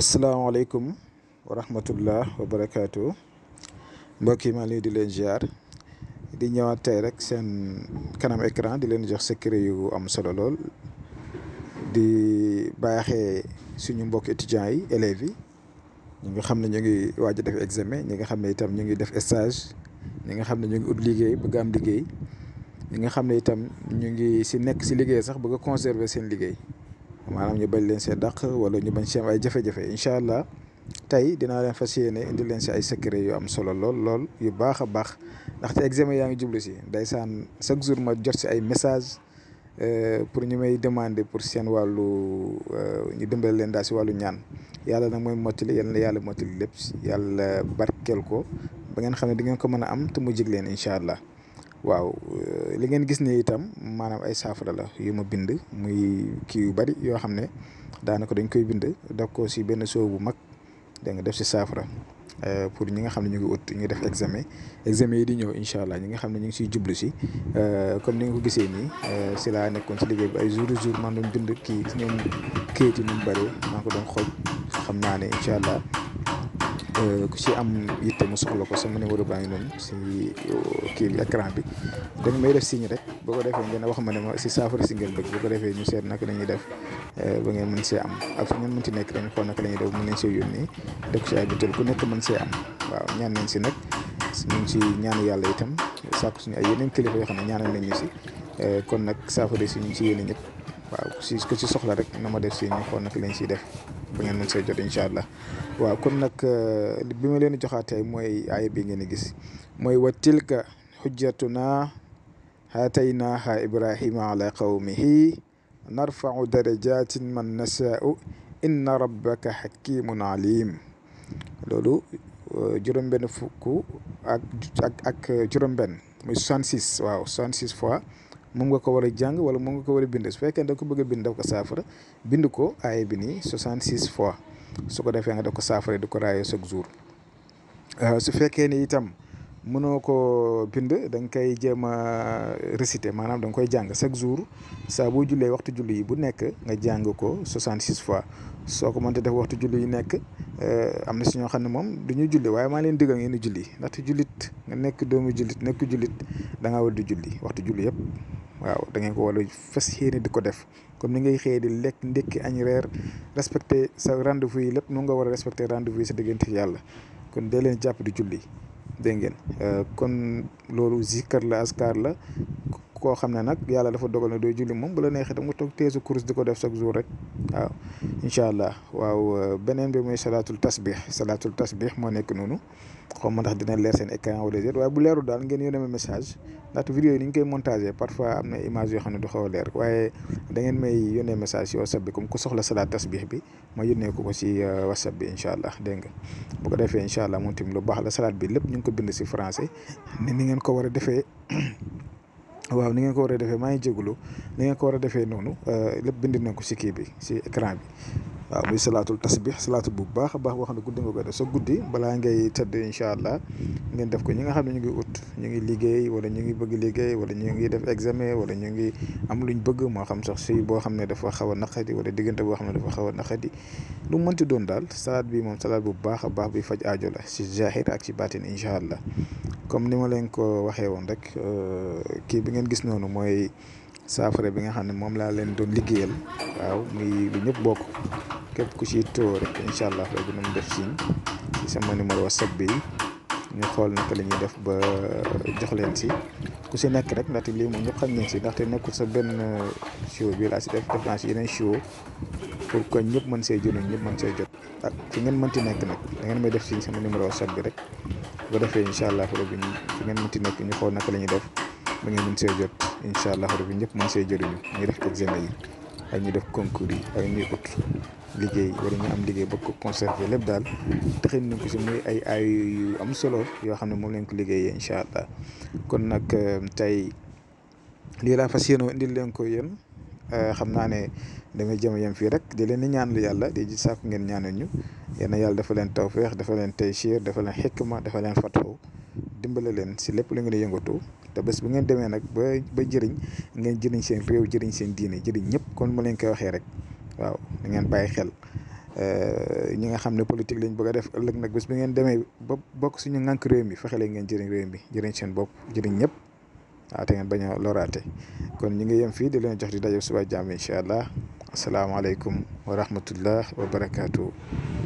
asalaamaaleykum wa rahmatullah wa barakaatu mbokk yi maa ngi di leen ziar di ñëwaat tay rek seen kanam écran di leen jox secret yu am solo lol di baaxee suñu mbokk étudiant yi élèves yi ñi nga xamné ñi ngi waji def examen ñi nga xamné itam ñi ngi def stage ñi nga xamné ñi ngi ut liggéey bëgg am liggéey ñi nga xamné itam ñi ngi ci nekk ci liggéey sax bëgg conserver seen liggéey. maanaam ñu bañ leen see dàq wala ñu bañ si am ay jafe-jafe incha allah tey dinaa leen fas yéene indi leen si ay secret yu am solo lool lool yu baax a baax ndaxte examen yaa ngi jublu si saan chaque jour ma jot si ay message euh, pour ñu may demander pour seen wàllu euh, ñu dimbale leen daal si wàllu ñaan yàlla nag mooy mottali yal na yàlla mottali lépp yàlla barkeel ko ba ngeen xam ne di ngeen ko mën a am te mu jig leen incha allah. waaw euh, li ngeen gis ni itam maanaam ay saafara la yu ma bind muy kii yu bari yoo xam ne daanaka dañ koy bind def ko si benn soow bu mag da nga def si saafara euh, pour ñi nga xam ne ñu ngi ut ñu def examen examen yi di ñëw incha allah ñi nga xam ne ñu ngi siy jublu si euh, comme ni nga ko gisee nii si laa nekkoon si liggéey bi ay jour jour man doon bind kii gis ngeen kayit yi nu mu bëree maa ko doon xooj xam naa ne incha allah. Eh, ku ci am yitté mu soxlo ko sama numéro baangi non ci ki kii écran bi dañ may def signe rek bu ko defee ngeen wax ma né ma si saafara si ngeen bëgg boo ko defee ñu sét nak dañuy def euh ba ngeen mën ci am ak fu ngeen mënti nekk dañu xool naka la ñuy def mën ci yoni yónni def ko si ay butéel ku nekk mën ci am waaw ñaan nañ ci nak ñu ci ñaan yalla itam sàkku suñu ay yeneen kilifa yo xam ne ñaanal nañ ñu euh kon nak saafara si ñu ngi si yéene waaw si ku si soxla rek na ma def si ñu xool nag lañ siy def ba ngeen mën see jot incha allah waaw kon nag bi ma leen joxaatee mooy aaya bi ngeen di gis mooy wa tilka xujjatuna aataynaaha ibrahima ala qawmihi narfau darajatin man nasaau inna rabbaka xakimun alim loolu juróom-benn fukk ak ak ak juróom-benn muy 66 waaw 66 fois moom nga ko war a jàng wala moom nga ko war a bind su fekkee da nga ko bëgg a bind daf ko saafara bind ko aaya bi nii 66 fois su ko defee nga daf ko saafara di ko raayee chaque jour euh, su fekkee ni itam mënoo ko bind da nga koy jéem a réciter maanaam da nga koy jàng chaque jour saa boo jullee waxtu julli yi bu nekk nga jàng ko 66 fois soo ko mënta def waxtu julli yi nekk euh, am na si ñoo xam ne moom du ñu julli waaye maa leen diggal ngeen di julli ndaxte jullit nga nekk doomu jullit nekk jullit da ngaa war di julli waxtu julli yëpp. waaw da ngeen ko war a fas yéene di ko def comme ni ngay xëyee di lekk ndekki añ reer respecté sa rendez-vous lépp nu nga war a respecté rendez-vous yi sa diggante yàlla kon dee leen jàpp di julli dégg ngeen euh, kon loolu zikar la askar la koo xam ne nag yàlla dafa dogal ne doo julli moom bu la neexee tam nga toog teesu course di ko def chaque jour rek waaw incha allah waaw beneen bi mooy salaatul tasbih salaatul tasbih moo nekk noonu xaw ma ndax dina leer seen écran wala déet waaye bu leerul daal ngeen yónnee ma message ndaxte vidéo yi ni ñu koy montager parfois am na image yoo xam ne du xaw a leer waaye da ngeen may yónnee message si whatsapp bi comme ku soxla salaat tasbih bi ma yónnee ko ko si whatsapp bi incha allah dégg nga bu ko defee incha allah moom tamit lu baax la salaat bi lépp ñu ngi ko bind si français ni ni ngeen ko war a defee waaw ni ngeen ko war a defee maa ngi jégalu ni ngeen ko war a defee noonu euh, lépp bindi na ko si kii bi si écran bi waaw muy salaatul tasbih salaatu bu baax a baax boo xam ne guddi nga koy def sa guddi balaa ngay tëdd incha allah ngeen def ko ñi nga xam ne ñu ngi ut ñu ngi liggéey wala ñu ngi bëgg liggéey wala ñu ngi def examen wala ñu ngi am luñ bëgg moo xam sax si boo xam ne dafa xaw a naqadi wala diggante boo xam ne dafa xaw a naqadi lu mu doon daal salaat bi moom salaat bu baax a bi faj aajo la si zahir ak si baatin incha allah comme ni ma leen ko waxee woon rek euh, kii bi ngeen gis noonu mooy saafara bi nga xam ne moom laa leen doon liggéeyal waaw muy ñëpp bokk képp ku ci too rek incha allah rabbi na mu def siin ci sama numéro whatsapp bi ñu xool naka la ñuy def ba euh, jox leen si ku si nekk rek ndaxte lii moom ñëpp xam ngeen si ndaxte nekkul sa benn euh, show bi laa si def def naa si yeneen show pour que ñëpp mën see jëriñ ñëpp mën see jot ak fi ngeen mënti nekk nag da ngeen may def si sama numéro whatsapp bi rek bu defee incha allah rabbi fi ngeen mënti nekk ñu xool naka la ñuy def ba ngeen mën see jot incha allah rabbi ñëpp mën see jëriñu ñu def examen yi ay ñu def concours yi ut liggéey wala ñu am liggéey ba ko conserver lépp daal taxin nañ ko si muy ay ay am solo yoo xam ne moom lañ ko liggéeyee incha allah kon nag euh, tey lii laa fas yéenoo indil leen ko yéen euh, xam naa ne dangay jëm yem fii rek di leen ñaan lu yàlla di sàkku ngeen ñaanal ñu yéen yàlla dafa leen tawféex dafa leen taysiir dafa leen xikma dafa leen fatxu dimbale leen si lépp la ngeen di yëngatu. te bes bu ngeen demee nag ba ba jëriñ ngeen jëriñ seen réew jëriñ seen diine jëriñ ñëpp kon ma leen koy waxee rek waaw da ngeen bàyyi xel euh, ñi nga xam ne politique lañ bëgg a def ëllëg nag bés bu ngeen demee ba bokk suñu ngànk réew mi fexe ngeen jëriñ réew mi jëriñ seen bopp jëriñ ñëpp waaw te ngeen bañ a loraate kon ñu ngi yem fii di leen jox di daje suba jàmm incha allah asalaamaaleykum wa rahmatullah wa barakatuh